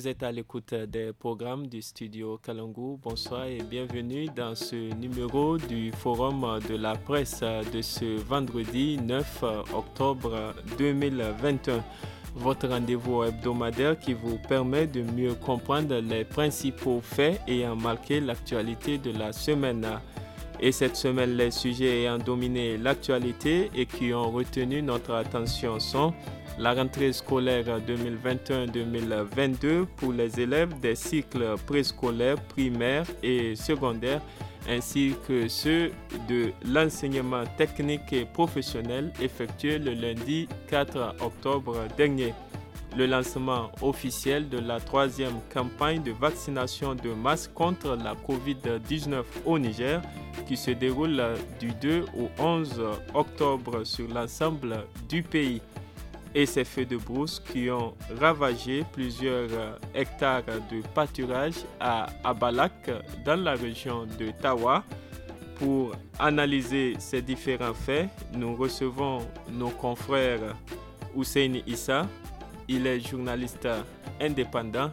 Vous êtes à l'écoute des programmes du studio Kalangou. Bonsoir et bienvenue dans ce numéro du Forum de la presse de ce vendredi 9 octobre 2021 votre rendez-vous hebdomadaire qui vous permet de mieux comprendre les principaux faits ayant marqué l'actualité de la semaine. Et cette semaine, les sujets ayant dominé l'actualité et qui ont retenu notre attention sont la rentrée scolaire 2021-2022 pour les élèves des cycles préscolaires, primaires et secondaires ainsi que ceux de l'enseignement technique et professionnel effectué le lundi 4 octobre dernier. Le lancement officiel de la troisième campagne de vaccination de masse contre la COVID-19 au Niger qui se déroule du 2 au 11 octobre sur l'ensemble du pays et ces feux de brousse qui ont ravagé plusieurs euh, hectares de pâturage à Abalak dans la région de Tawa. Pour analyser ces différents faits, nous recevons nos confrères Hussein Issa, il est journaliste indépendant,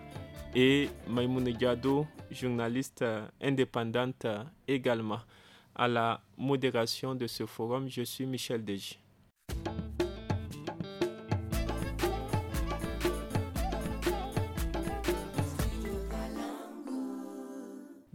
et Maïmoune Gado, journaliste indépendante également. À la modération de ce forum, je suis Michel Deji.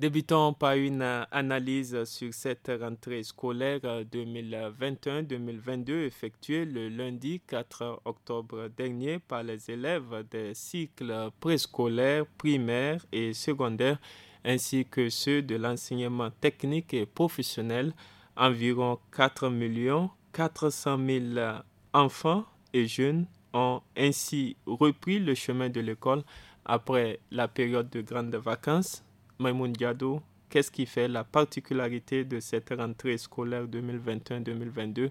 Débutons par une euh, analyse sur cette rentrée scolaire 2021-2022 euh, effectuée le lundi 4 octobre dernier par les élèves des cycles préscolaires, primaires et secondaires, ainsi que ceux de l'enseignement technique et professionnel. Environ 4 400 000 enfants et jeunes ont ainsi repris le chemin de l'école après la période de grandes vacances Maimoun Diado, qu'est-ce qui fait la particularité de cette rentrée scolaire 2021-2022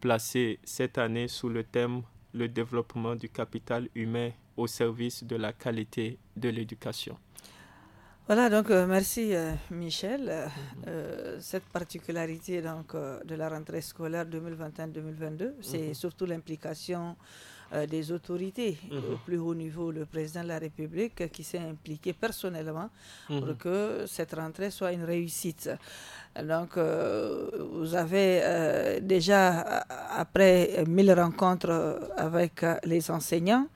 placée cette année sous le thème le développement du capital humain au service de la qualité de l'éducation. Voilà, donc euh, merci euh, Michel. Euh, cette particularité donc, de la rentrée scolaire 2021-2022, c'est mhm. surtout l'implication euh, des autorités au mhm. plus haut niveau, le président de la République, qui s'est impliqué personnellement pour mhm. que cette rentrée soit une réussite. Donc, euh, vous avez euh, déjà, après mille rencontres avec les enseignants,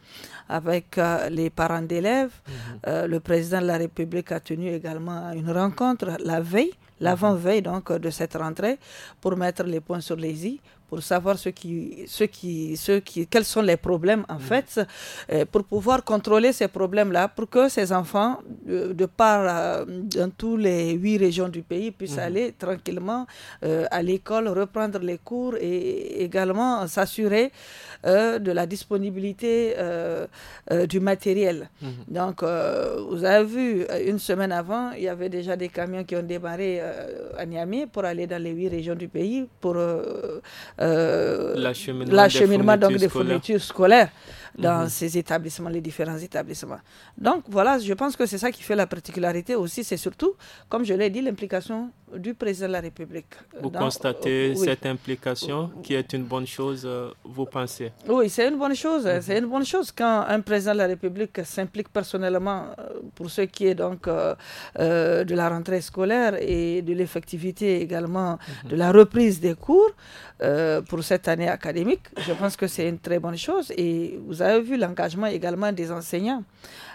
avec les parents d'élèves, mhm. le président de la République a tenu également une rencontre la veille l'avant-veille donc de cette rentrée pour mettre les points sur les i, pour savoir ce qui, ce qui, ce qui, quels sont les problèmes en mm. fait, euh, pour pouvoir contrôler ces problèmes-là, pour que ces enfants, euh, de, part euh, dans tous les huit régions du pays, puissent mm. aller tranquillement à l'école, reprendre les cours et également s'assurer de la disponibilité du matériel. Mm-hmm. Donc, vous avez vu, une semaine avant, il y avait déjà des camions qui ont démarré à Niamey pour aller dans les huit régions du pays pour euh, l'acheminement des fournitures scolaires dans mhm. ces établissements, les différents établissements. Donc voilà, je pense que c'est ça qui fait la particularité aussi, c'est surtout, comme je l'ai dit, l'implication du président de la République. Vous constatez euh, cette implication qui est une bonne chose, euh, vous pensez Oui, c'est une bonne chose. Mhm. C'est une bonne chose quand un président de la République s'implique personnellement euh, pour ce qui est donc de la rentrée scolaire et de l'effectivité également mhm. de la reprise des cours pour cette année académique. Je pense que c'est une très bonne chose et vous vous avez vu l'engagement également des enseignants,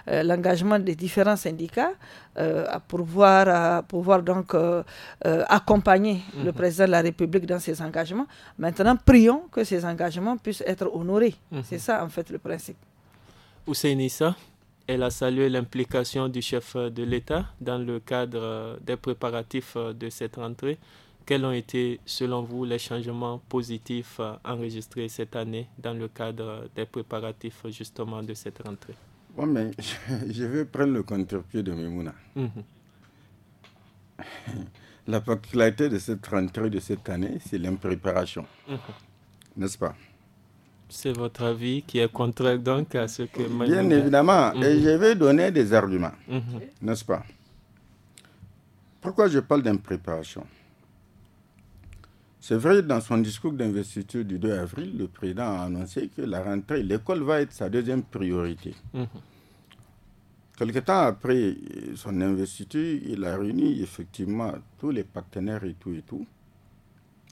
euh, l'engagement des différents syndicats euh, à pouvoir, pouvoir donc euh, accompagner le mhm. président de la République dans ses engagements. Maintenant, prions que ces engagements puissent être honorés. Mhm. C'est ça, en fait, le principe. Nissa, elle a salué l'implication du chef de l'État dans le cadre des préparatifs de cette rentrée. Quels ont été, selon vous, les changements positifs euh, enregistrés cette année dans le cadre euh, des préparatifs euh, justement de cette rentrée Bon, mais je vais prendre le contre-pied de Mimouna. Mhm. La particularité de cette rentrée de cette année, c'est l'impréparation. Mhm. N'est-ce pas C'est votre avis qui est contraire donc à ce que... Bien évidemment, et mhm. je vais donner des arguments. N'est-ce pas Pourquoi je parle d'impréparation c'est vrai, dans son discours d'investiture du 2 avril, le président a annoncé que la rentrée, l'école va être sa deuxième priorité. Mmh. Quelque temps après son investiture, il a réuni effectivement tous les partenaires et tout et tout,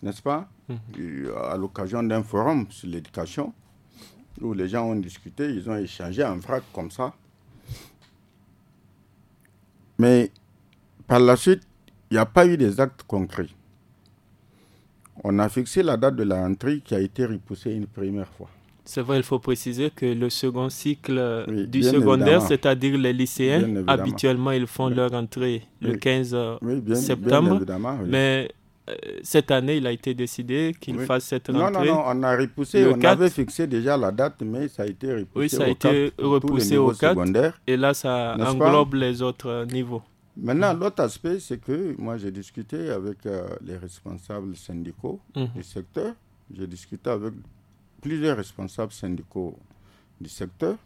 n'est-ce pas mmh. euh, À l'occasion d'un forum sur l'éducation, où les gens ont discuté, ils ont échangé en vrac comme ça. Mais par la suite, il n'y a pas eu des actes concrets. On a fixé la date de la rentrée qui a été repoussée une première fois. C'est vrai, il faut préciser que le second cycle du secondaire, c'est-à-dire les lycéens, habituellement, ils font leur entrée le 15 euh, septembre. mais euh, cette année, il a été décidé qu'ils fassent cette rentrée. Non, non, non, on a repoussé, on avait fixé déjà la date, mais ça a été repoussé. Oui, ça a été repoussé au 4. Et là, ça englobe les autres niveaux. Maintenant, mm. l'autre aspect, c'est que moi, j'ai discuté avec euh, les responsables syndicaux mm-hmm. du secteur. J'ai discuté avec plusieurs responsables syndicaux du secteur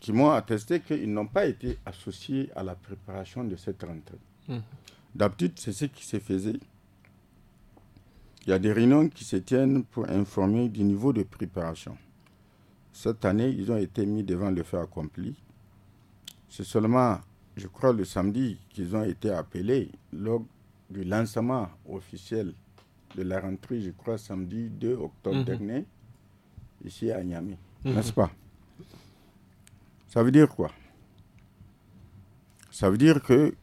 qui m'ont attesté qu'ils n'ont pas été associés à la préparation de cette rentrée. Mm-hmm. D'habitude, c'est ce qui se faisait. Il y a des réunions qui se tiennent pour informer du niveau de préparation. Cette année, ils ont été mis devant le fait accompli. C'est seulement je crois le samedi, qu'ils ont été appelés lors du lancement officiel de la rentrée, je crois samedi 2 octobre mhm. dernier, ici à Niamey. Mhm. N'est-ce pas Ça veut dire quoi Ça veut dire que,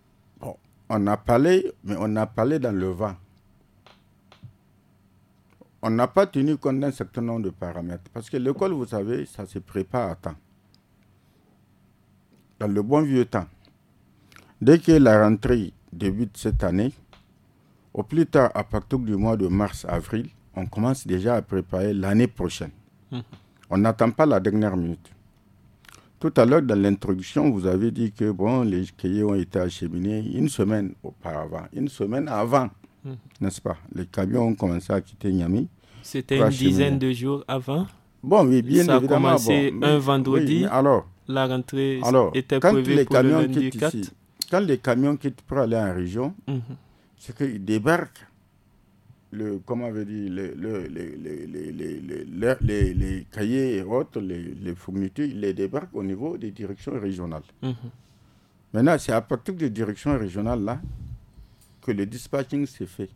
on a parlé, mais on a parlé dans le vent. On n'a pas tenu compte d'un certain nombre de paramètres. Parce que l'école, vous savez, ça se prépare à temps. Dans le bon vieux temps. Dès que la rentrée débute cette année, au plus tard à partir du mois de mars-avril, on commence déjà à préparer l'année prochaine. Hum. On n'attend pas la dernière minute. Tout à l'heure, dans l'introduction, vous avez dit que bon, les cahiers ont été acheminés une semaine auparavant, une semaine avant, hum. n'est-ce pas Les camions ont commencé à quitter Niamey. C'était une dizaine de jours avant Bon, oui, bien Ça Ça a commencé un vendredi. alors, la rentrée était prévue pour le lundi quand les camions quittent pour aller en région, mhm. c'est qu'ils débarquent. Le, comment veut dire, le, le, les, les, cahiers et autres, les, les fournitures, ils les débarquent au niveau des directions régionales. Mhm. Maintenant, c'est à partir des directions régionales là que le dispatching s'est fait.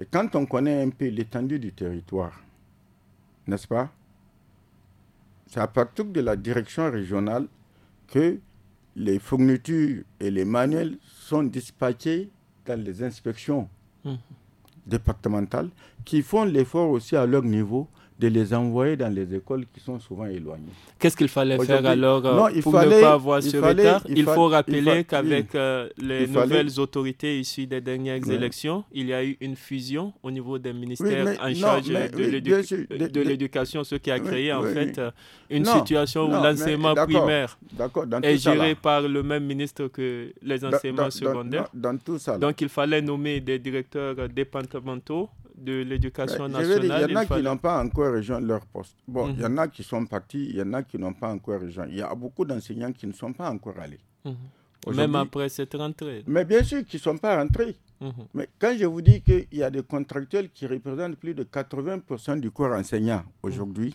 Et quand on connaît un peu l'étendue du territoire, n'est-ce pas C'est à partir de la direction régionale que les fournitures et les manuels sont dispatchés dans les inspections hum. départementales qui font l'effort aussi à leur niveau de les envoyer dans les écoles qui sont souvent éloignées. Qu'est-ce qu'il fallait faire alors euh, il pour ne pas avoir ce retard Il, faut rappeler qu'avec euh, les nouvelles autorités issues des dernières élections, il y a eu une fusion au niveau des ministères en charge de l'éducation, ce qui a créé en fait euh, une situation où l'enseignement primaire est géré par le même ministre que les enseignements secondaires. Dans tout ça. Donc il fallait nommer des directeurs départementaux de l'éducation nationale. Il y en a qui n'ont pas encore région leur poste. Bon, il y en mhm. a qui sont partis, il y en a qui n'ont pas encore rejoint. Il y a beaucoup d'enseignants qui ne sont pas encore allés. Mhm. Même après cette rentrée. Mais bien sûr qu'ils ne sont pas rentrés. Mhm. Mais quand je vous dis qu'il y a des contractuels qui représentent plus de 80% du corps enseignant aujourd'hui,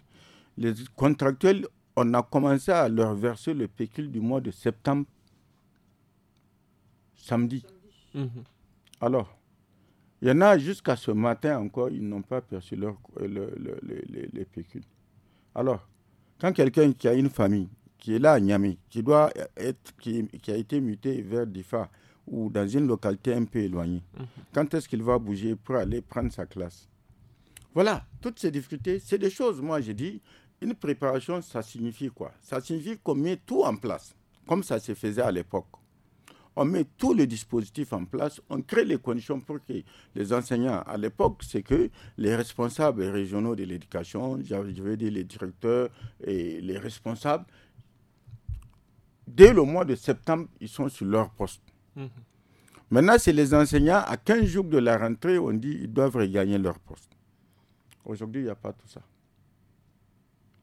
les contractuels, on a commencé à leur verser le pécule du mois de septembre, samedi. Alors, il y en a jusqu'à ce matin encore, ils n'ont pas perçu leur, euh, le, les pécules. Alors, quand quelqu'un qui a une famille, qui est là à Niamey, qui, doit être, qui, a été muté vers Difa ou dans une localité un peu éloignée, mhm. quand est-ce qu'il va bouger pour aller prendre sa classe Voilà, toutes ces difficultés, c'est des choses, moi j'ai dit, une préparation, ça signifie quoi Ça signifie qu'on met tout en place, comme ça se faisait à l'époque on met tous les dispositifs en place, on crée les conditions pour que les enseignants, à l'époque, c'est que les responsables régionaux de l'éducation, je veux dire les directeurs et les responsables, dès le mois de septembre, ils sont sur leur poste. Mm-hmm. Maintenant, c'est les enseignants, à 15 jours de la rentrée, on dit qu'ils doivent regagner leur poste. Aujourd'hui, il n'y a pas tout ça.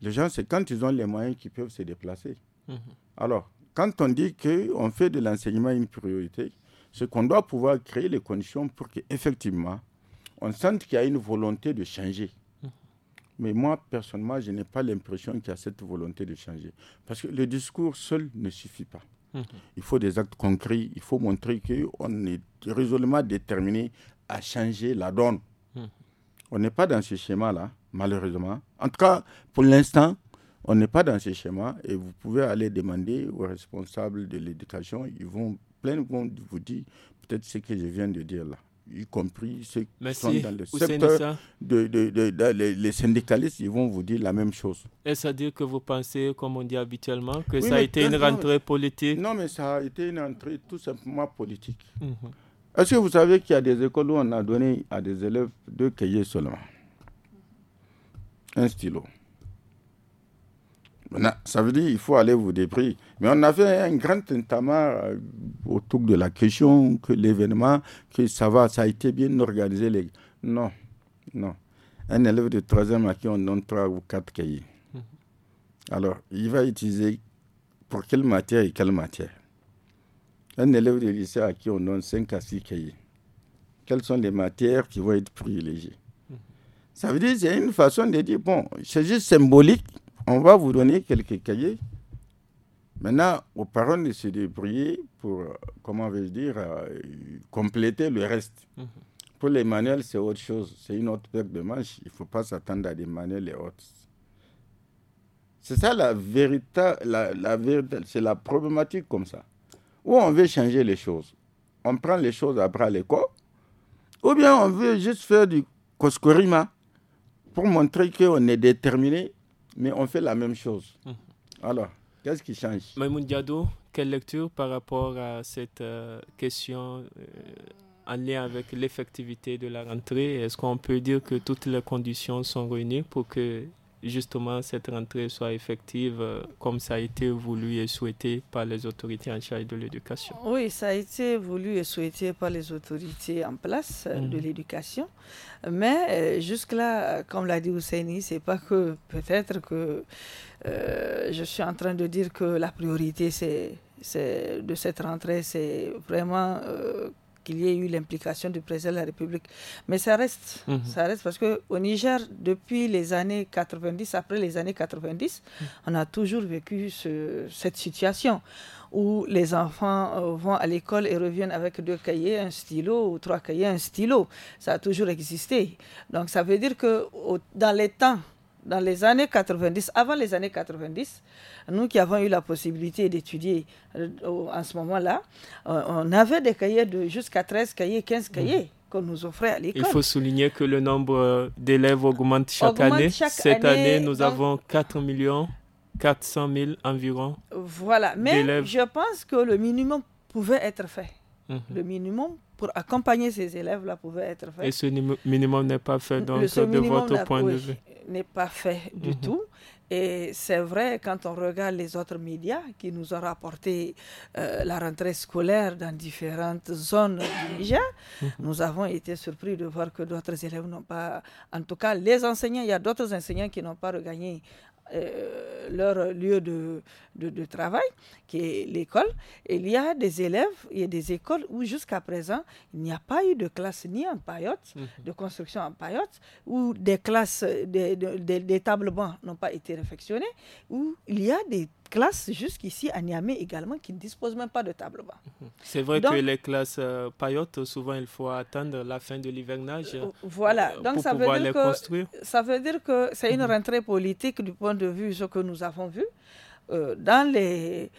Les gens, c'est quand ils ont les moyens qu'ils peuvent se déplacer. Mm-hmm. Alors, quand on dit qu'on fait de l'enseignement une priorité, c'est qu'on doit pouvoir créer les conditions pour qu'effectivement, on sente qu'il y a une volonté de changer. Mmh. Mais moi, personnellement, je n'ai pas l'impression qu'il y a cette volonté de changer. Parce que le discours seul ne suffit pas. Mmh. Il faut des actes concrets. Il faut montrer qu'on est résolument déterminé à changer la donne. Mmh. On n'est pas dans ce schéma-là, malheureusement. En tout cas, pour l'instant, on n'est pas dans ce schéma et vous pouvez aller demander aux responsables de l'éducation. Ils vont pleinement vous dire peut-être ce que je viens de dire là y compris ceux qui sont dans le secteur, les, syndicalistes, ils vont vous dire la même chose. Est-ce à dire que vous pensez, comme on dit habituellement, que ça a été une rentrée politique Non, mais ça a été une rentrée tout simplement politique. Mhm. Est-ce que vous savez qu'il y a des écoles où on a donné à des élèves deux cahiers seulement Un stylo ça veut dire qu'il faut aller vous débrouiller. Mais on avait un grand entamant euh, autour de la question, que l'événement, que ça va, ça a été bien organisé. Les... Non, non. Un élève de troisième à qui on donne trois ou quatre cahiers. Mhm. Alors, il va utiliser pour quelle matière et quelle matière Un élève de lycée à qui on donne cinq à six cahiers. Quelles sont les matières qui vont être privilégiées mhm. Ça veut dire a une façon de dire, bon, c'est juste symbolique on va vous donner quelques cahiers. Maintenant, aux parents de se débrouiller pour, euh, comment vais-je dire, euh, compléter le reste. Mhm. Pour les manuels, c'est autre chose. C'est une autre perte de manches. Il ne faut pas s'attendre à des manuels et autres. C'est ça la vérité, la, la c'est la problématique comme ça. Ou on veut changer les choses. On prend les choses à bras corps. Ou bien on veut juste faire du coscorima pour montrer qu'on est déterminé mais on fait la même chose. Mhm. Alors, qu'est-ce qui change Maïmoun Diado, quelle lecture par rapport à cette euh, question euh, en lien avec l'effectivité de la rentrée Est-ce qu'on peut dire que toutes les conditions sont réunies pour que justement cette rentrée soit effective euh, comme ça a été voulu et souhaité par les autorités en charge de l'éducation. Oui, ça a été voulu et souhaité par les autorités en place euh, de mhm. l'éducation. Mais euh, jusque-là, comme l'a dit Ousseini, c'est pas que peut-être que je suis en train de dire que la priorité c'est de cette rentrée, c'est vraiment qu'il y ait eu l'implication du président de la République. Mais ça reste, mhm. ça reste parce qu'au Niger, depuis les années 90, après les années 90, mhm. on a toujours vécu cette situation où les enfants euh, vont à l'école et reviennent avec deux cahiers, un stylo, ou trois cahiers, un stylo. Ça a toujours existé. Donc ça veut dire que dans les temps dans les années 90, avant les années 90, nous qui avons eu la possibilité d'étudier euh, en ce moment-là, euh, on avait des cahiers de jusqu'à 13 cahiers, 15 mm. cahiers. qu'on nous offrait à l'école. Il faut souligner que le nombre d'élèves augmente chaque année. Cette année, nous avons 4 millions 400 000 environ. Voilà, mais je pense que le minimum pouvait être fait. Mhm. Le minimum pour accompagner ces élèves-là pouvait être fait. Et ce minimum n'est pas fait, donc, de votre point de vue n'est pas fait du mhm. tout. Et c'est vrai, quand on regarde les autres médias qui nous ont rapporté euh, la rentrée scolaire dans différentes zones du mhm. Mhm. nous avons été surpris de voir que d'autres élèves n'ont pas, en tout cas les enseignants, il y a d'autres enseignants qui n'ont pas regagné euh, leur lieu de, de, travail, qui est l'école. Il y a des élèves, il y a des écoles où jusqu'à présent, il n'y a pas eu de classe ni en paillotte, mhm. de construction en paillotte, où des classes, des, des, des, tables bancs n'ont pas été réfectionnées, où il y a des classes jusqu'ici à Niamey également qui ne dispose même pas de table bas. Mhm. C'est vrai que les classes euh, payotes, souvent il faut attendre la fin de l'hivernage. Euh, voilà. Euh, Donc pour ça, veut dire les que, construire. ça veut dire que c'est une mhm. rentrée politique du point de vue de ce que nous avons vu. dans les,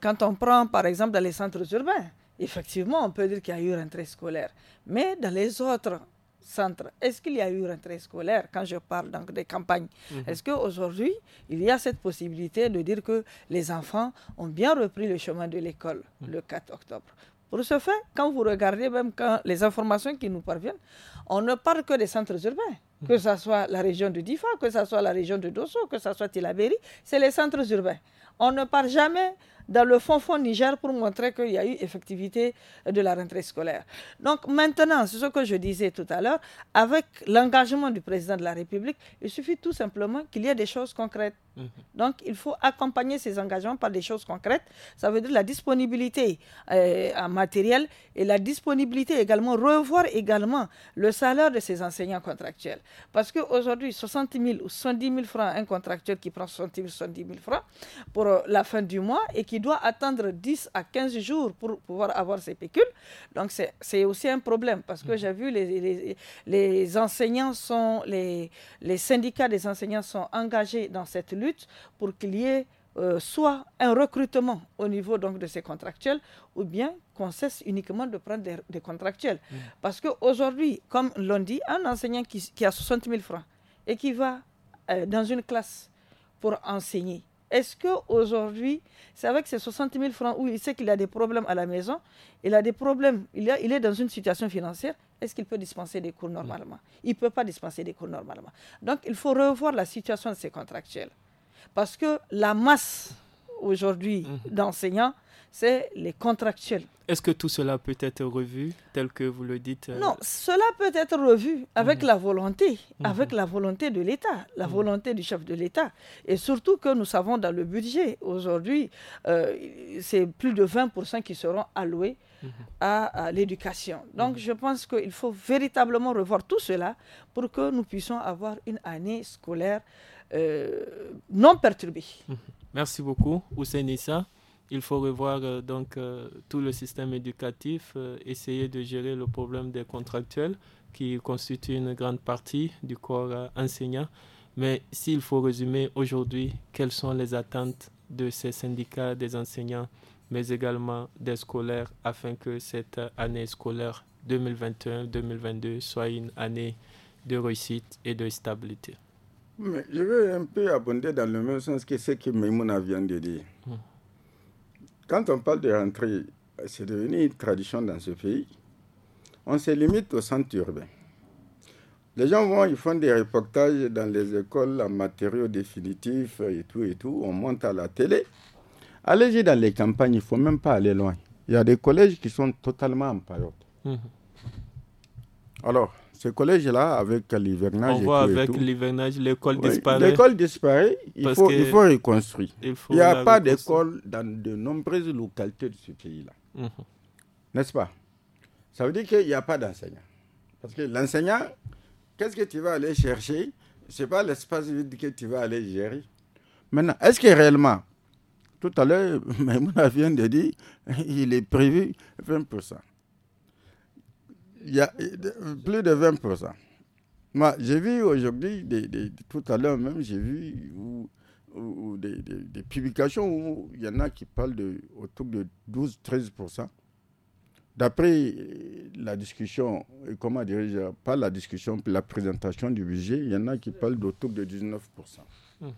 quand on prend par exemple dans les centres urbains, effectivement on peut dire qu'il y a eu rentrée scolaire. Mais dans les autres centres, est-ce qu'il y a eu rentrée scolaire quand je parle donc des campagnes mhm. Est-ce qu'aujourd'hui, il y a cette possibilité de dire que les enfants ont bien repris le chemin de l'école mhm. le 4 octobre pour ce fait, quand vous regardez même quand les informations qui nous parviennent, on ne parle que des centres urbains, mhm. que ce soit la région de Difa, que ce soit la région de Dosso, que ce soit Tilaberi, c'est les centres urbains. On ne parle jamais dans le fond fond Niger pour montrer qu'il y a eu effectivité de la rentrée scolaire. Donc maintenant, c'est ce que je disais tout à l'heure, avec l'engagement du président de la République, il suffit tout simplement qu'il y ait des choses concrètes. Mhm. Donc il faut accompagner ces engagements par des choses concrètes. Ça veut dire la disponibilité euh, en matériel et la disponibilité également, revoir également le salaire de ces enseignants contractuels. Parce qu'aujourd'hui, 60 000 ou 70 000 francs, un contractuel qui prend 60 000, 70 000 francs pour euh, la fin du mois et qui qui doit attendre 10 à 15 jours pour pouvoir avoir ses pécules. Donc c'est aussi un problème parce que mm. j'ai vu les, les, enseignants sont, les, les syndicats des enseignants sont engagés dans cette lutte pour qu'il y ait euh, soit un recrutement au niveau donc de ces contractuels ou bien qu'on cesse uniquement de prendre des, contractuels. Mm. Parce qu'aujourd'hui, comme l'on dit, un enseignant qui, a 60 000 francs et qui va euh, dans une classe pour enseigner, est-ce qu'aujourd'hui, c'est avec ces 60 000 francs où il sait qu'il a des problèmes à la maison, il a des problèmes, il, est dans une situation financière, est-ce qu'il peut dispenser des cours normalement Il ne peut pas dispenser des cours normalement. Donc, il faut revoir la situation de ces contractuels. Parce que la masse aujourd'hui mmh. d'enseignants c'est les contractuels. Est-ce que tout cela peut être revu tel que vous le dites euh, Non, cela peut être revu avec mhm. la volonté, mhm. avec la volonté de l'État, la mhm. volonté du chef de l'État. Et surtout que nous savons dans le budget, aujourd'hui, euh, c'est plus de 20% qui seront alloués à, l'éducation. Donc je pense qu'il faut véritablement revoir tout cela pour que nous puissions avoir une année scolaire euh, non perturbée. Merci beaucoup, Hussein il faut revoir euh, donc euh, tout le système éducatif, euh, essayer de gérer le problème des contractuels qui constituent une grande partie du corps enseignant. Mais s'il faut résumer aujourd'hui, quelles sont les attentes de ces syndicats des enseignants, mais également des scolaires, afin que cette année scolaire 2021-2022 soit une année de réussite et de stabilité. je vais un peu abonder dans le même sens que ce que Maimouna vient de dire quand on parle de rentrée, c'est devenu une tradition dans ce pays. On se limite au centre urbain. Les gens vont, ils font des reportages dans les écoles en matériaux définitifs et tout et tout. On monte à la télé. Allez-y dans les campagnes, il ne faut même pas aller loin. Il y a des collèges qui sont totalement en période. Mhm. Alors, ce collège-là, avec l'hivernage. On voit avec l'hivernage, l'école disparaît. L'école disparaît, il faut, il reconstruire. Il n'y a pas d'école dans de nombreuses localités de ce pays-là. Mhm. N'est-ce pas Ça veut dire qu'il n'y a pas d'enseignant. Parce que l'enseignant, qu'est-ce que tu vas aller chercher Ce n'est pas l'espace vide que tu vas aller gérer. Maintenant, est-ce que réellement, tout à l'heure, Maïmouna vient de dire, il est prévu 20% il y a euh, plus de 20%. j'ai vu aujourd'hui, tout à l'heure même, j'ai vu des, publications où il y en a qui parlent de, autour de 12-13%. D'après euh, la discussion, comment dirais-je, pas la discussion, la présentation du budget, il y en a qui parlent d'autour de 19%. Hum.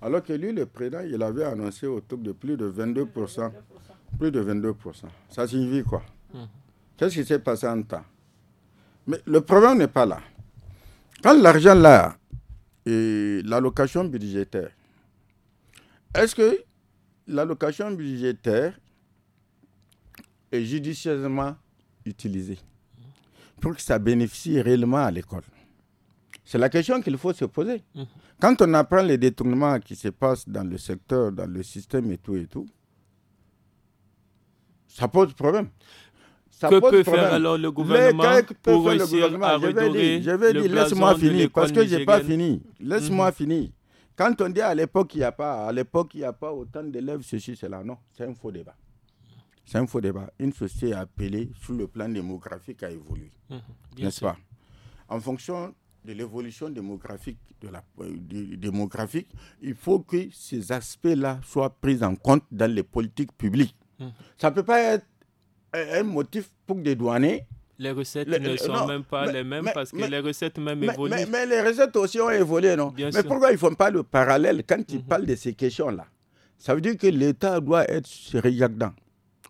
Alors que lui, le président, il avait annoncé autour de plus de 22%. Plus de 22%. Ça signifie quoi hum. Qu'est-ce qui s'est passé en temps mais le problème n'est pas là. Quand l'argent là, et l'allocation budgétaire, est-ce que l'allocation budgétaire est judicieusement utilisée pour que ça bénéficie réellement à l'école C'est la question qu'il faut se poser. Mmh. Quand on apprend les détournements qui se passent dans le secteur, dans le système et tout et tout, ça pose problème que peut faire alors le gouvernement pour réussir gouvernement. à Je vais dire, laisse-moi finir, parce que je n'ai pas fini. Laisse-moi mhm. finir. Quand on dit à l'époque, il n'y a pas, à l'époque, il y a pas autant d'élèves, ceci, cela, non, c'est un faux débat. C'est un faux débat. Une société appelée sur le plan démographique a évolué. Mhm. n'est-ce pas En fonction de l'évolution démographique, de la, euh, démographique, il faut que ces aspects-là soient pris en compte dans les politiques publiques. Mhm. Ça ne peut pas être un motif pour dédouaner. Les recettes ne sont même pas les mêmes parce que les recettes même évoluent. Mais, les recettes aussi ont évolué, non Mais pourquoi ils ne font pas le parallèle quand ils mhm. parlent de ces questions-là Ça veut dire que l'État doit être regardant.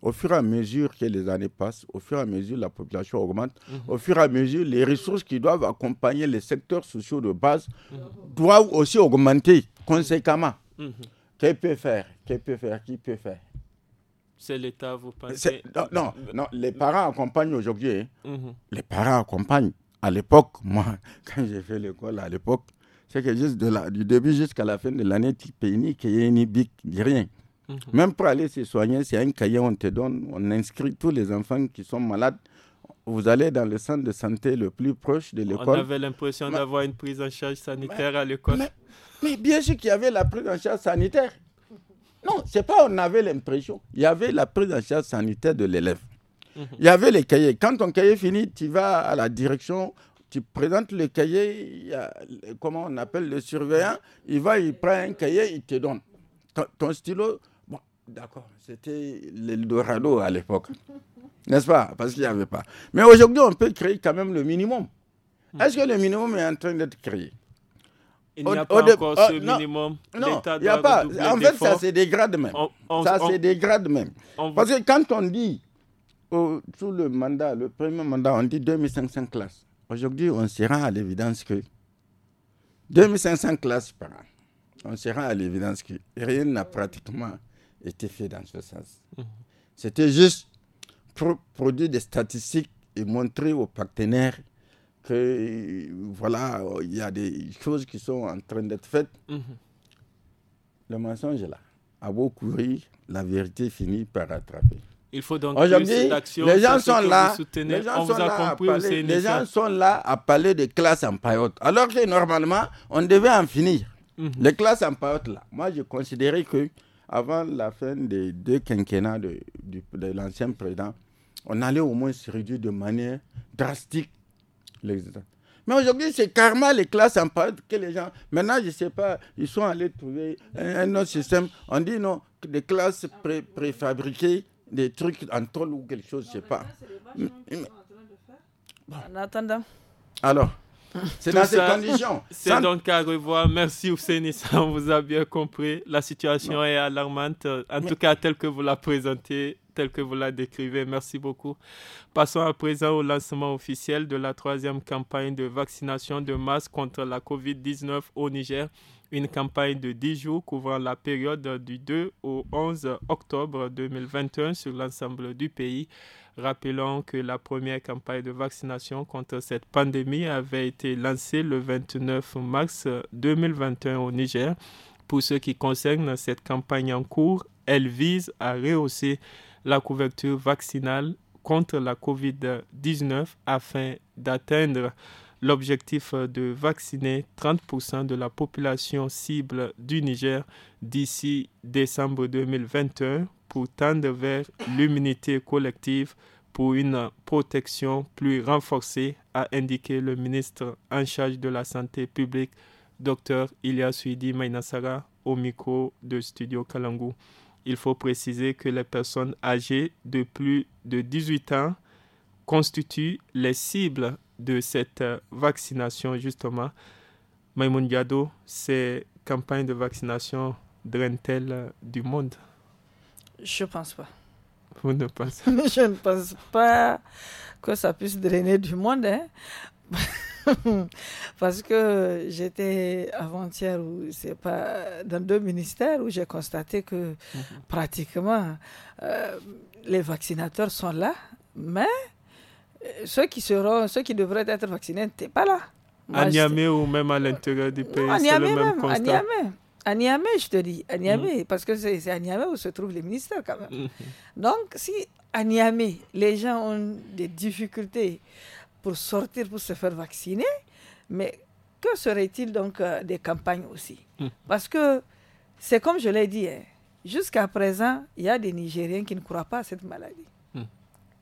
Au fur et à mesure que les années passent, au fur et à mesure la population augmente, mhm. au fur et à mesure les ressources qui doivent accompagner les secteurs sociaux de base mhm. doivent aussi augmenter conséquemment. qu'il peut faire Qui peut faire Qui peut faire c'est l'État, vous pensez non, non, les parents accompagnent aujourd'hui. Hein. Mm-hmm. Les parents accompagnent. À l'époque, moi, quand j'ai fait l'école, à l'époque, c'est que juste de du début jusqu'à la fin de l'année, tu payes ni cahier, ni bic, ni rien. Mm-hmm. Même pour aller se soigner, c'est un cahier, on te donne, on inscrit tous les enfants qui sont malades. Vous allez dans le centre de santé le plus proche de l'école. On avait l'impression d'avoir une prise en charge sanitaire à l'école. Mais, mais, bien sûr qu'il y avait la prise en charge sanitaire. Non, ce n'est pas on avait l'impression. Il y avait la prise en charge sanitaire de l'élève. Mhm. Il y avait les cahiers. Quand ton cahier finit, tu vas à la direction, tu présentes le cahier, comment on appelle le surveillant, il va, il prend un cahier, il te donne. Ton, stylo, bon, d'accord, c'était l'Eldorado à l'époque. N'est-ce pas Parce qu'il n'y avait pas. Mais aujourd'hui, on peut créer quand même le minimum. Mhm. Est-ce que le minimum est en train d'être créé il n'y a pas encore ce oh, non, minimum. Non, il n'y a pas. En fait, ça se dégrade même. ça se dégrade même. Parce que quand on dit, sous le mandat, le premier mandat, on dit 2500 classes. Aujourd'hui, on rend à l'évidence que 2500 classes par an. On sera à l'évidence que rien n'a pratiquement été fait dans ce sens. Mhm. C'était juste pour produire des statistiques et montrer aux partenaires que euh, voilà, il y a des choses qui sont en train d'être faites. Mhm. Le mensonge est là. À beaucoup courir, la vérité finit par attraper. Il faut donc oh, Aujourd'hui, Les gens sont là. Les gens sont là, à parler, les de classe en paillotte. Alors que normalement, on devait en finir. Mhm. Les classes en paillotte, là. Moi, je considérais que avant la fin des deux quinquennats de, de, de l'ancien président, on allait au moins se réduire de manière drastique mais aujourd'hui, c'est karma les classes en que les gens. Maintenant, je ne sais pas, ils sont allés trouver un, autre système. On dit non, des classes préfabriquées, des trucs en troll ou quelque chose, je ne sais pas. En attendant. Alors. C'est dans ces conditions. C'est donc à revoir. Merci Oussez-Nissa. on vous a bien compris. La situation est alarmante, euh, en tout cas telle que vous la présentez tel que vous la décrivez. Merci beaucoup. Passons à présent au lancement officiel de la troisième campagne de vaccination de masse contre la COVID-19 au Niger. Une campagne de 10 jours couvrant la période du 2 au 11 octobre 2021 sur l'ensemble du pays. Rappelons que la première campagne de vaccination contre cette pandémie avait été lancée le 29 mars 2021 au Niger. Pour ce qui concerne cette campagne en cours, elle vise à rehausser la couverture vaccinale contre la COVID-19 afin d'atteindre l'objectif de vacciner 30% de la population cible du Niger d'ici décembre 2021 pour tendre vers l'immunité collective pour une protection plus renforcée, a indiqué le ministre en charge de la santé publique, Dr. Ilya Suidi Mainasara, au micro de Studio Kalangu il faut préciser que les personnes âgées de plus de 18 ans constituent les cibles de cette euh, vaccination, justement. Maïmoun Gado, ces campagnes de vaccination drainent-elles euh, du monde Je pense pas. Vous ne pensez pas Je ne pense pas que ça puisse drainer du monde. Hein. Parce que j'étais avant-hier, c'est pas dans deux ministères où j'ai constaté que mhm. pratiquement euh, les vaccinateurs sont là, mais euh, ceux qui seront, ceux qui devraient être vaccinés n'étaient pas là. à Niamey ou même à l'intérieur du pays, c'est le même, constat. À Niamey. je te dis, à Niamey, mhm. parce que c'est à Niamey où se trouvent les ministères quand même. Mhm. Donc, si à Niamey, les gens ont des difficultés pour sortir pour se faire vacciner. Mais que serait-il donc euh, des campagnes aussi hmm. Parce que c'est comme je l'ai dit, hein, jusqu'à présent, il y a des Nigériens qui ne croient pas à cette maladie, hmm.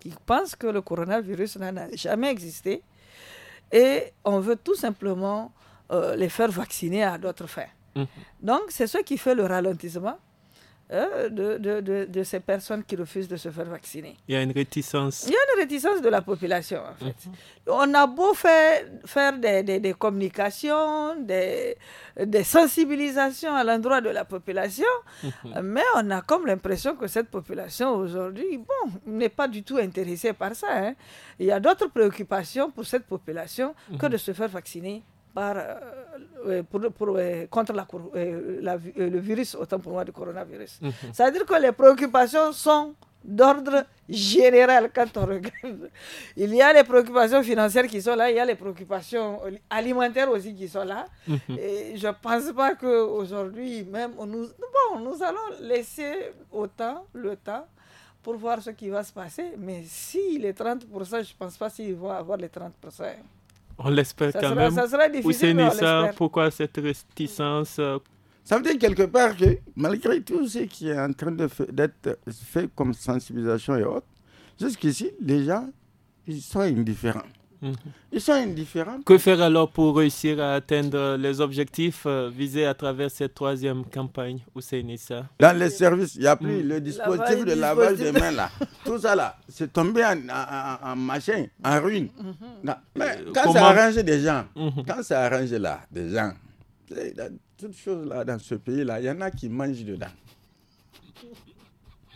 qui pensent que le coronavirus n'a jamais existé et on veut tout simplement euh, les faire vacciner à d'autres fins. Hmm. Donc c'est ce qui fait le ralentissement Hein, de, de, de, ces personnes qui refusent de se faire vacciner. Il y a une réticence. Il y a une réticence de la population, en fait. Mhm. On a beau faire, faire des, des, communications, des, des, sensibilisations à l'endroit de la population, mhm. mais on a comme l'impression que cette population aujourd'hui, bon, n'est pas du tout intéressée par ça. Hein. Il y a d'autres préoccupations pour cette population que mhm. de se faire vacciner par, euh, euh, pour, euh, contre la, le virus, autant pour moi, du coronavirus. Mhm. cest à dire que les préoccupations sont d'ordre général quand on regarde. Il y a les préoccupations financières qui sont là, il y a les préoccupations alimentaires aussi qui sont là. Mhm. Et je ne pense pas qu'aujourd'hui, même, on nous, bon, nous allons laisser autant le temps pour voir ce qui va se passer. Mais si les 30%, je ne pense pas s'ils vont avoir les 30%. On l'espère quand même. Ça sera difficile. pourquoi cette réticence Ça veut dire quelque part que malgré tout ce qui est en train d'être fait comme sensibilisation et autres, jusqu'ici, les gens, ils sont indifférents. Ils sont indifférents. Que faire alors pour réussir à atteindre les objectifs euh, visés à travers cette troisième campagne Nissa Dans les services, il n'y a plus hmm. le dispositif de lavage des mains là. Tout ça là, c'est tombé en, en, en, machin, en ruine. Hmm, hmm. Mais euh, quand ça des gens, quand ça arrange là, des gens, toutes choses là dans ce pays là, il y en a qui mangent dedans.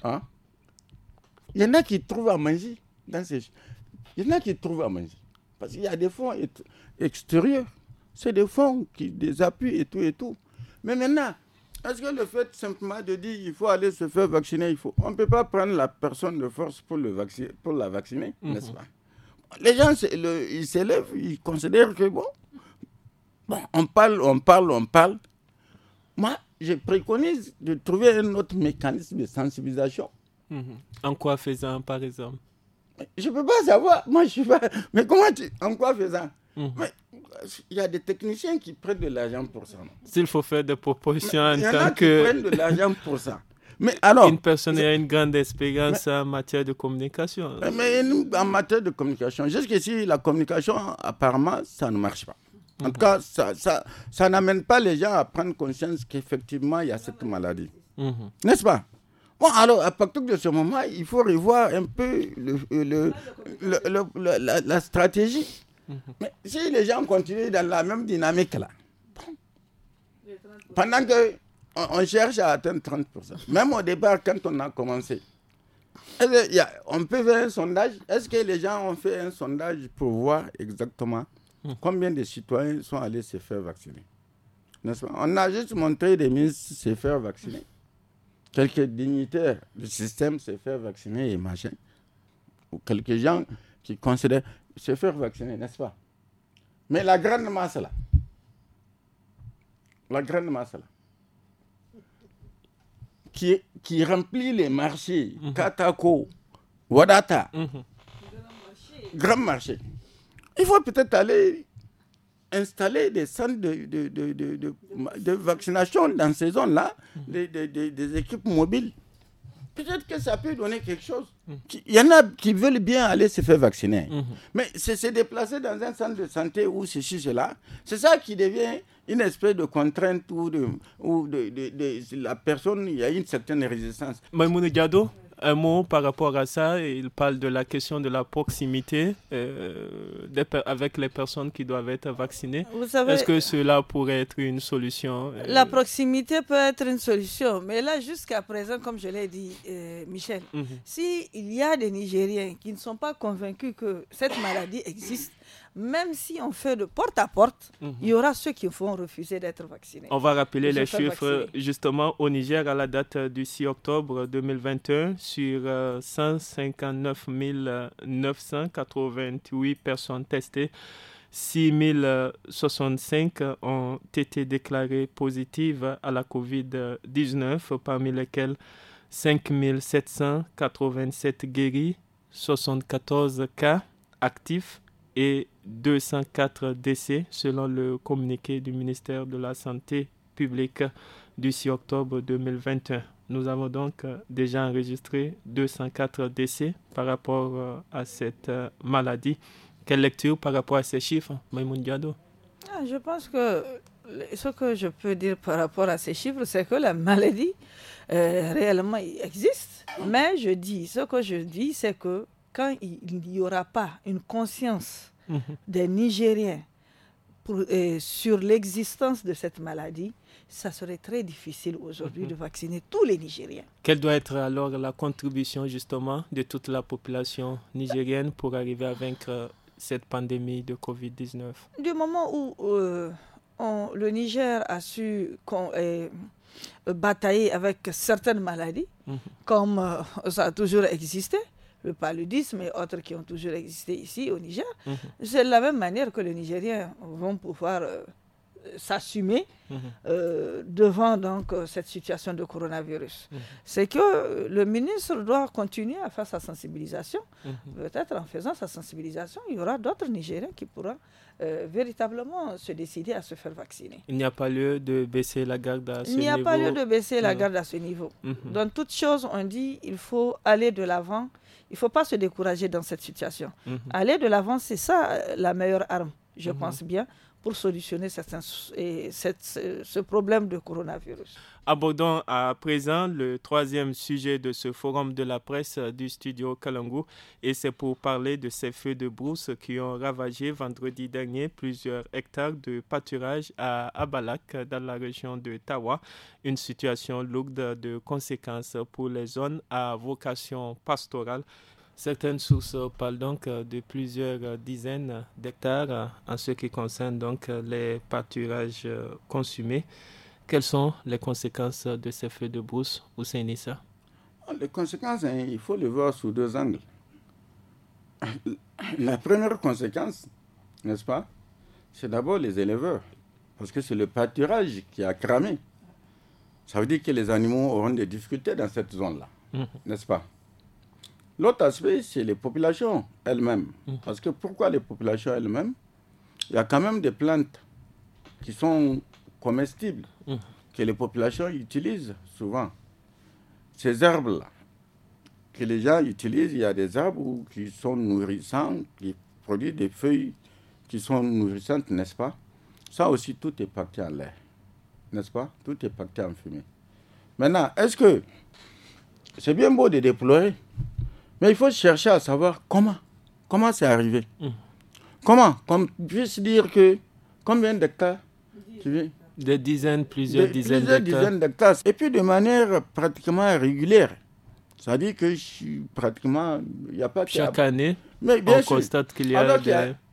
Hein? Il y en a qui trouvent à manger Il y en a qui trouvent à manger. Parce qu'il y a des fonds extérieurs. C'est des fonds qui des appuient et tout et tout. Mais maintenant, est-ce que le fait simplement de dire qu'il faut aller se faire vacciner, il faut. On ne peut pas prendre la personne de force pour, la vacciner, mhm. n'est-ce pas Les gens, ils s'élèvent, ils considèrent que bon, on parle, on parle, on parle. Moi, je préconise de trouver un autre mécanisme de sensibilisation. Mhm. En quoi faisant, par exemple je ne peux pas savoir. Moi, je suis pas. Mais comment tu. En quoi fais mmh. Mais il y a des techniciens qui prennent de l'argent pour ça. S'il faut faire des propositions en y en a Qui prennent de l'argent pour ça. Mais alors, une personne a une grande expérience en matière de communication. Eh, mais en matière de communication, jusqu'ici, la communication, apparemment, ça ne marche pas. En tout hmm. cas, ça, ça, n'amène pas les gens à prendre conscience qu'effectivement, il y a cette maladie. Hmm. N'est-ce pas Bon, alors, à partir de ce moment, il faut revoir un peu la, stratégie. Mhm. Mais si les gens continuent dans la même dynamique là, pendant qu'on cherche à atteindre 30%, même au départ, quand on a commencé, on peut faire un sondage. Est-ce que les gens ont fait un sondage pour voir exactement mhm. combien de citoyens sont allés se faire vacciner? on a juste montré des ministres se faire vacciner quelques dignitaires du système se faire vacciner et machin. Ou quelques gens qui considèrent se faire vacciner, n'est-ce pas Mais la grande masse là, la grande masse là, qui, qui remplit les marchés, mhm. Katako, Wadata, mhm. grand marché, il faut peut-être aller installer des centres de, de, de, de, vaccination dans ces zones-là, mm. des, des, des, équipes mobiles. Peut-être que ça peut donner quelque chose. Mm. Il y en a qui veulent bien aller se faire vacciner. Mm-hmm. Mais se déplacer dans un centre de santé ou ceci, cela. C'est ça qui devient une espèce de contrainte où, de, de, la personne, il y a une certaine résistance. Maïmoune un mot par rapport à ça. Il parle de la question de la proximité euh, avec les personnes qui doivent être vaccinées. Est-ce que cela pourrait être une solution euh? La proximité peut être une solution, mais là, jusqu'à présent, comme je l'ai dit, euh, Michel, si mhm. il s'il y a des Nigériens qui ne sont pas convaincus que cette maladie existe, même si on fait de porte à porte, mhm. il y aura ceux qui vont refuser d'être vaccinés. On va rappeler les chiffres justement au Niger à la date du 6 octobre 2021 sur 159 euh, 988 euh, personnes testées. 065 euh, ont été déclarées positives à la COVID-19, parmi lesquelles 5787 guéris, 74 cas actifs et 204 décès selon le communiqué du ministère de la Santé publique du 6 octobre 2021. Nous avons donc euh, déjà enregistré 204 décès par rapport euh, à cette euh, maladie. Quelle lecture par rapport à ces chiffres, Maïmoun Diado ah, Je pense que ce que je peux dire par rapport à ces chiffres, c'est que la maladie réellement existe. Mais je dis, ce que je dis, c'est que quand il n'y aura pas une conscience Mhm. des Nigériens euh, sur l'existence de cette maladie, ça serait très difficile aujourd'hui mhm. de vacciner tous les Nigériens. Quelle doit être alors la contribution justement de toute la population nigérienne pour arriver à vaincre euh, cette pandémie de Covid-19 Du moment où euh, le Niger a su batailler avec certaines maladies, mhm. comme ça a toujours existé, le paludisme et autres qui ont toujours existé ici au Niger, mhm. c'est de la même manière que les Nigériens vont pouvoir euh, s'assumer mhm. euh, devant donc euh, cette situation de coronavirus. Mhm. C'est que le ministre doit continuer à faire sa sensibilisation. Peut-être en faisant sa sensibilisation, il y aura d'autres Nigériens qui pourront véritablement se décider à se faire vacciner. Il n'y a pas lieu de baisser la garde à ce niveau. Il n'y a pas lieu de baisser la garde à ce niveau. Dans toutes choses, on dit il faut aller de l'avant il ne faut pas se décourager dans cette situation. Mhm. Aller de l'avant, c'est ça euh, la meilleure arme, je mhm. pense bien, pour solutionner certains, et ce problème de coronavirus. Abordons à présent le troisième sujet de ce forum de la presse du studio Kalangu et c'est pour parler de ces feux de brousse qui ont ravagé vendredi dernier plusieurs hectares de pâturage à Abalak dans la région de Tawa, une situation lourde de conséquences pour les zones à vocation pastorale. Certaines sources parlent donc de plusieurs dizaines d'hectares en ce qui concerne donc les pâturages consumés. Quelles sont les conséquences de ces feux de brousse ou Nissa Les conséquences, hein, il faut les voir sous deux angles. La première conséquence, n'est-ce pas, c'est d'abord les éleveurs, parce que c'est le pâturage qui a cramé. Ça veut dire que les animaux auront des difficultés dans cette zone-là, mhm. n'est-ce pas L'autre aspect, c'est les populations elles-mêmes. Mhm. Parce que pourquoi les populations elles-mêmes Il y a quand même des plantes qui sont comestibles mm. que les populations utilisent souvent. Ces herbes-là que les gens utilisent, il y a des arbres qui sont nourrissants, qui produisent des feuilles qui sont nourrissantes, n'est-ce pas Ça aussi, tout est pacté en l'air, n'est-ce pas Tout est pacté en fumée. Maintenant, est-ce que c'est bien beau de déplorer, mais il faut chercher à savoir comment, comment c'est arrivé. Mm. Comment Comment comme puisse dire que combien d'hectares tu viens des dizaines, plusieurs dizaines de classes Et puis de manière pratiquement régulière. C'est-à-dire que je suis pratiquement. n'y a pas Chaque année, mais bien on constate qu'il y a,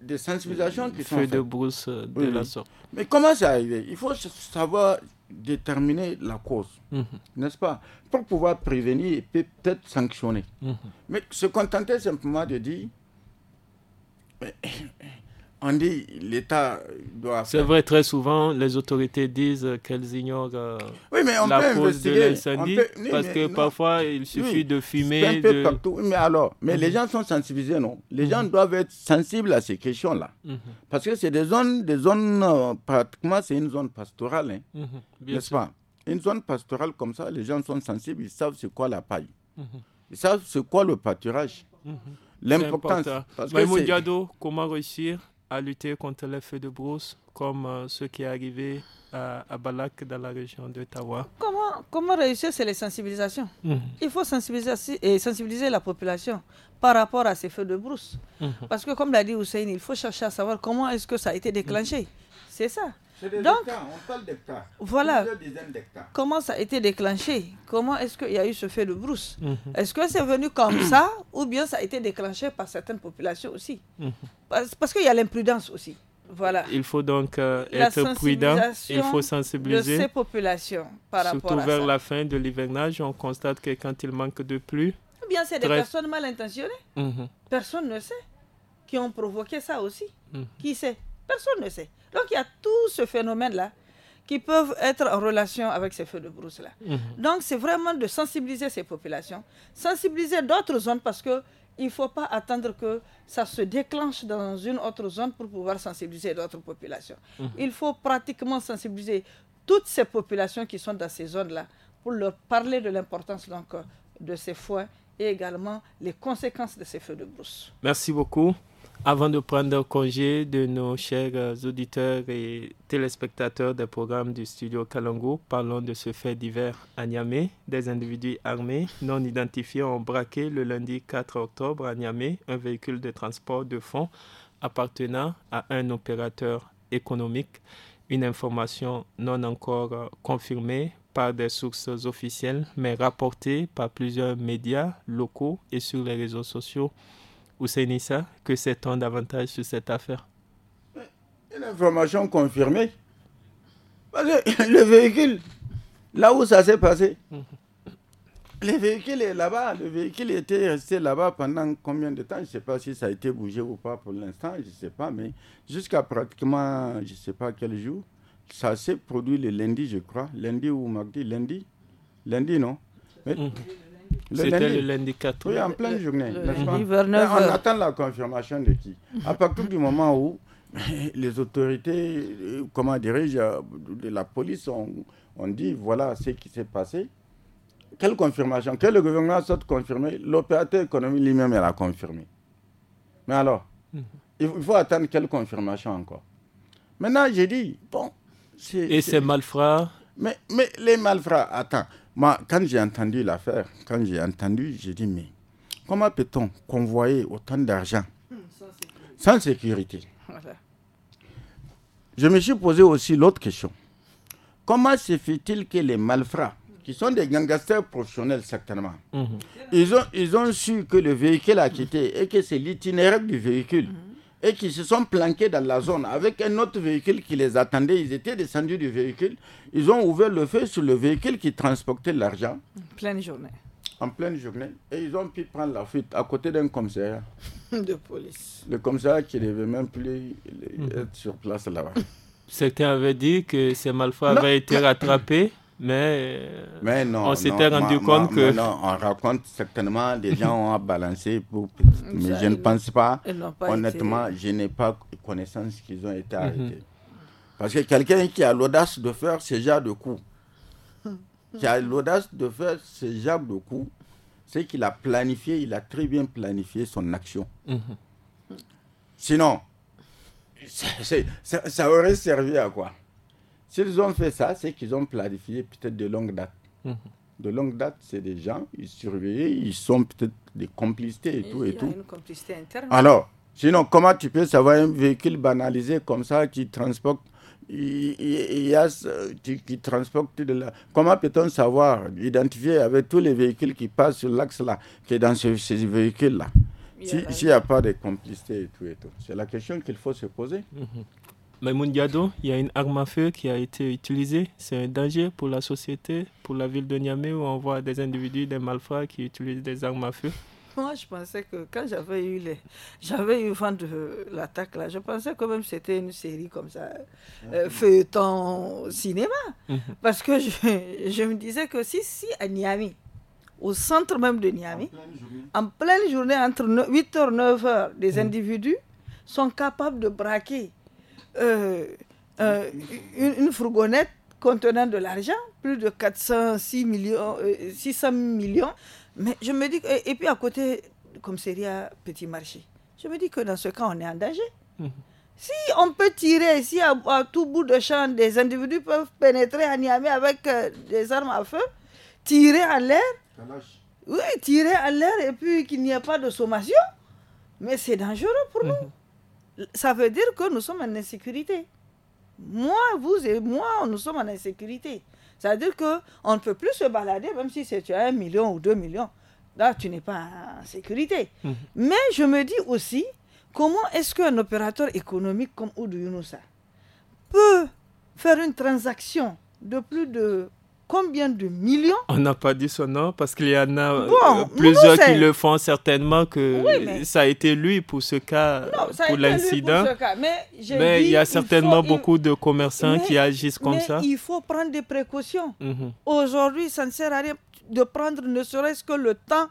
des, sensibilisations qui sont. de brousse euh, de la sorte. Mais comment ça arrive Il faut savoir déterminer la cause, mhm. n'est-ce pas Pour pouvoir prévenir et peut-être sanctionner. Mhm. Mais se contenter simplement de dire on dit l'État doit. C'est vrai, très souvent, les autorités disent qu'elles ignorent euh, oui, mais on la peut cause de l'incendie parce que parfois il suffit de fumer. Un peu de... Mais alors, mais les mhm. gens sont sensibilisés, non Les gens mhm. doivent être sensibles à ces questions-là, mhm. parce que c'est des zones, des zones euh, pratiquement, c'est une zone pastorale, hein, n'est-ce pas Une zone pastorale comme ça, les gens sont sensibles, ils savent c'est quoi la paille, ils savent c'est quoi le pâturage. L'importance. mon Diado, comment réussir à lutter contre les feux de brousse, comme euh, ce qui est arrivé à, Balak dans la région d'Ottawa. Comment, comment réussir, c'est les sensibilisations. Mhm. Il faut sensibiliser, et sensibiliser la population par rapport à ces feux de brousse. Mhm. Parce que, comme l'a dit Hussein, il faut chercher à savoir comment est-ce que ça a été déclenché. Mhm. C'est ça. Des Donc, hectares, on parle d'hectares. Voilà. Comment ça a été déclenché Comment est-ce qu'il y a eu ce fait de brousse mhm. Est-ce que c'est venu comme ça ou bien ça a été déclenché par certaines populations aussi mhm. Parce, qu'il y a l'imprudence aussi. Voilà. Il faut donc euh, être prudent, il faut sensibiliser. ces populations par Surtout vers la fin de l'hivernage, on constate que quand il manque de pluie. Eh bien, c'est des personnes mal intentionnées. Mhm. Personne ne sait. Qui ont provoqué ça aussi. Qui sait Personne ne sait. Donc il y a tout ce phénomène-là qui peuvent être en relation avec ces feux de brousse-là. Mhm. Donc, c'est vraiment de sensibiliser ces populations, sensibiliser d'autres zones parce que il ne faut pas attendre que ça se déclenche dans une autre zone pour pouvoir sensibiliser d'autres populations. Mhm. Il faut pratiquement sensibiliser toutes ces populations qui sont dans ces zones-là pour leur parler de l'importance donc euh, de ces foins et également les conséquences de ces feux de brousse. Merci beaucoup. Avant de prendre congé de nos chers auditeurs et téléspectateurs des programmes du studio Kalongo, parlons de ce fait divers à Niamey. Des individus armés non identifiés ont braqué le lundi 4 octobre à Niamey un véhicule de transport de fonds appartenant à un opérateur économique. Une information non encore confirmée par des sources officielles, mais rapportée par plusieurs médias locaux et sur les réseaux sociaux. Hussein Nissa que c'est on davantage sur cette affaire une information confirmée. Parce que le véhicule, là où ça s'est passé, mhm. le véhicule est là-bas. Le véhicule était resté là-bas pendant combien de temps Je ne sais pas si ça a été bougé ou pas pour l'instant, je ne sais pas, mais jusqu'à pratiquement, je ne sais pas quel jour, ça s'est produit le lundi, je crois. Lundi ou mardi Lundi Lundi, non mhm. C'était l'indicateur. Oui, en pleine journée. Le eh, on attend la confirmation de qui À partir du moment où les autorités, euh, comment dirais-je, euh, de la police ont, dit voilà ce qui s'est passé. Quelle confirmation Que le gouvernement soit confirmé, l'opérateur économique lui-même l'a confirmé. Mais alors, mhm. il faut attendre quelle confirmation encore Maintenant, j'ai dit bon. Et ces malfrats mais, mais les malfrats, attends, moi, quand j'ai entendu l'affaire, quand j'ai entendu, j'ai dit, mais comment peut-on convoyer autant d'argent sans, sécurité, Je me suis posé aussi l'autre question. Comment se fait-il que les malfrats, qui sont des gangsters professionnels certainement, mhm. ils, ont, su que le véhicule a quitté et que c'est l'itinéraire du véhicule. Mhm et qui se sont planqués dans la zone avec un autre véhicule qui les attendait. Ils étaient descendus du véhicule. Ils ont ouvert le feu sur le véhicule qui transportait l'argent. En pleine journée. En pleine journée. Et ils ont pu prendre la fuite à côté d'un commissaire. De police. Le commissaire qui ne devait même plus être mhm. sur place là-bas. Certains avaient dit que ces malfaits avaient été rattrapés. Mais, on s'était rendu compte que. Non, on raconte certainement des gens ont balancé, pour, mais je ne pense pas. honnêtement, je n'ai pas connaissance qu'ils ont été mhm. arrêtés. Parce que quelqu'un qui a l'audace de faire ce genre de coup, qui a l'audace de faire ce genre de coup, c'est qu'il a planifié, il a très bien planifié son action. Mhm. Sinon, ça aurait servi à quoi S'ils ont fait ça, c'est qu'ils ont planifié peut-être de longue date. Mhm. De longue date, c'est des gens, ils surveillaient, ils sont peut-être des complicités et, tout. Il y et a Une complicité interne. Alors, sinon, comment tu peux savoir un véhicule banalisé comme ça qui transporte qui, transporte de la... Comment peut-on savoir, identifier avec tous les véhicules qui passent sur l'axe-là, qui est dans ces véhicules-là S'il n'y a, pas de complicité et tout et tout. C'est la question qu'il faut se poser. Mhm. Maimoun Diado, il y a une arme à feu qui a été utilisée. C'est un danger pour la société, pour la ville de Niamey, où on voit des individus, des malfrats qui utilisent des armes à feu. Moi, je pensais que quand j'avais eu les, j'avais eu vent de l'attaque là, je pensais que même c'était une série comme ça, euh, feuilleton cinéma, mhm. parce que je, me disais que si si à Niamey, au centre même de Niamey, en pleine journée, entre 8h 9h, des mhm. individus sont capables de braquer euh, euh, une, fourgonnette contenant de l'argent, plus de 6 millions, 600 euh, millions. Mais je me dis, et, puis à côté, comme Seria Petit Marché, je me dis que dans ce cas, on est en danger mhm. Si on peut tirer, si à, tout bout de champ, des individus peuvent pénétrer à Niamey avec des armes à feu, tirer à l'air. Oui, tirer à l'air et puis qu'il n'y ait pas de sommation. Mais c'est dangereux pour mhm. nous ça veut dire que nous sommes en insécurité. Moi, vous et moi, nous sommes en insécurité. Ça veut dire qu'on ne peut plus se balader, même si tu as un million ou deux millions. Là, tu n'es pas en sécurité. Mhm. Mais je me dis aussi, comment est-ce qu'un opérateur économique comme Oudou Yunusa peut faire une transaction de plus de combien de millions On n'a pas dit son nom parce qu'il y en a euh, plusieurs qui le font certainement que ça a été lui pour ce cas, pour l'incident. Mais, il y a certainement beaucoup de commerçants qui agissent comme mais ça. Il faut prendre des précautions. Mhm. Aujourd'hui, ça ne sert à rien de prendre ne serait-ce que le temps,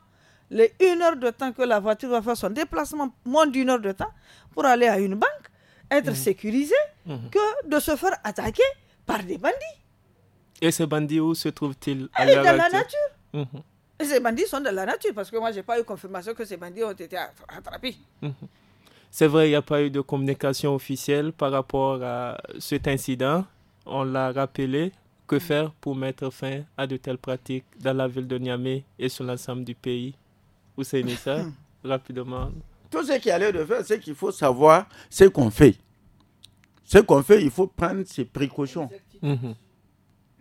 les une heure de temps que la voiture va faire son déplacement, moins d'une heure de temps, pour aller à une banque, être mhm. sécurisé, mhm. que de se faire attaquer par des bandits. Et ces bandits, où se trouvent-ils ah, sont Dans la nature. Mhm. ces bandits sont dans la nature, parce que moi, je n'ai pas eu confirmation que ces bandits ont été attrapés. Mhm. C'est vrai, il n'y a pas eu de communication officielle par rapport à cet incident. On l'a rappelé. Que mhm. faire pour mettre fin à de telles pratiques dans la ville de Niamey et sur l'ensemble du pays Hussein ça rapidement. Tout ce qu'il y a de faire, c'est qu'il faut savoir ce qu'on fait. Ce qu'on fait, il faut prendre ses précautions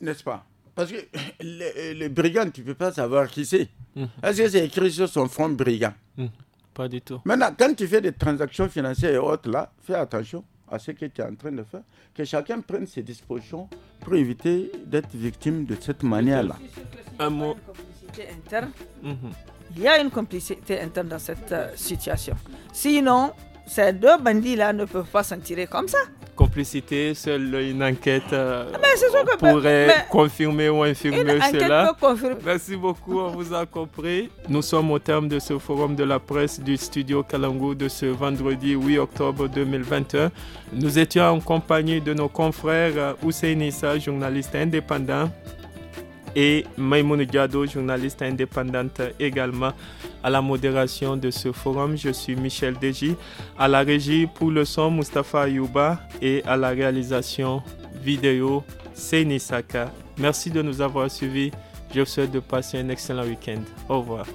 n'est-ce pas Parce que les brigands, brigand, tu ne peux pas savoir qui c'est. Hum. Est-ce que c'est écrit sur son front brigand hum. Pas du tout. Maintenant, quand tu fais des transactions financières et autres, là, fais attention à ce que tu es en train de faire, que chacun prenne ses dispositions pour éviter d'être victime de cette manière-là. Un hum, Il y a une complicité interne dans cette euh, situation. Sinon, ces deux bandits-là ne peuvent pas s'en tirer comme ça. Complicité, seule une enquête euh, ah, pourrait confirmer ou infirmer cela. Merci beaucoup, on vous a compris. Nous sommes au terme de ce forum de la presse du studio Kalangou de ce vendredi 8 octobre 2021. Nous étions en compagnie de nos confrères euh, Hussein Issa, journaliste indépendant, et Maimon Diado, journaliste indépendante également à la modération de ce forum. Je suis Michel Deji, à la régie pour le son Mustapha Ayouba et à la réalisation vidéo Senisaka. Merci de nous avoir suivis. Je vous souhaite de passer un excellent week-end. Au revoir.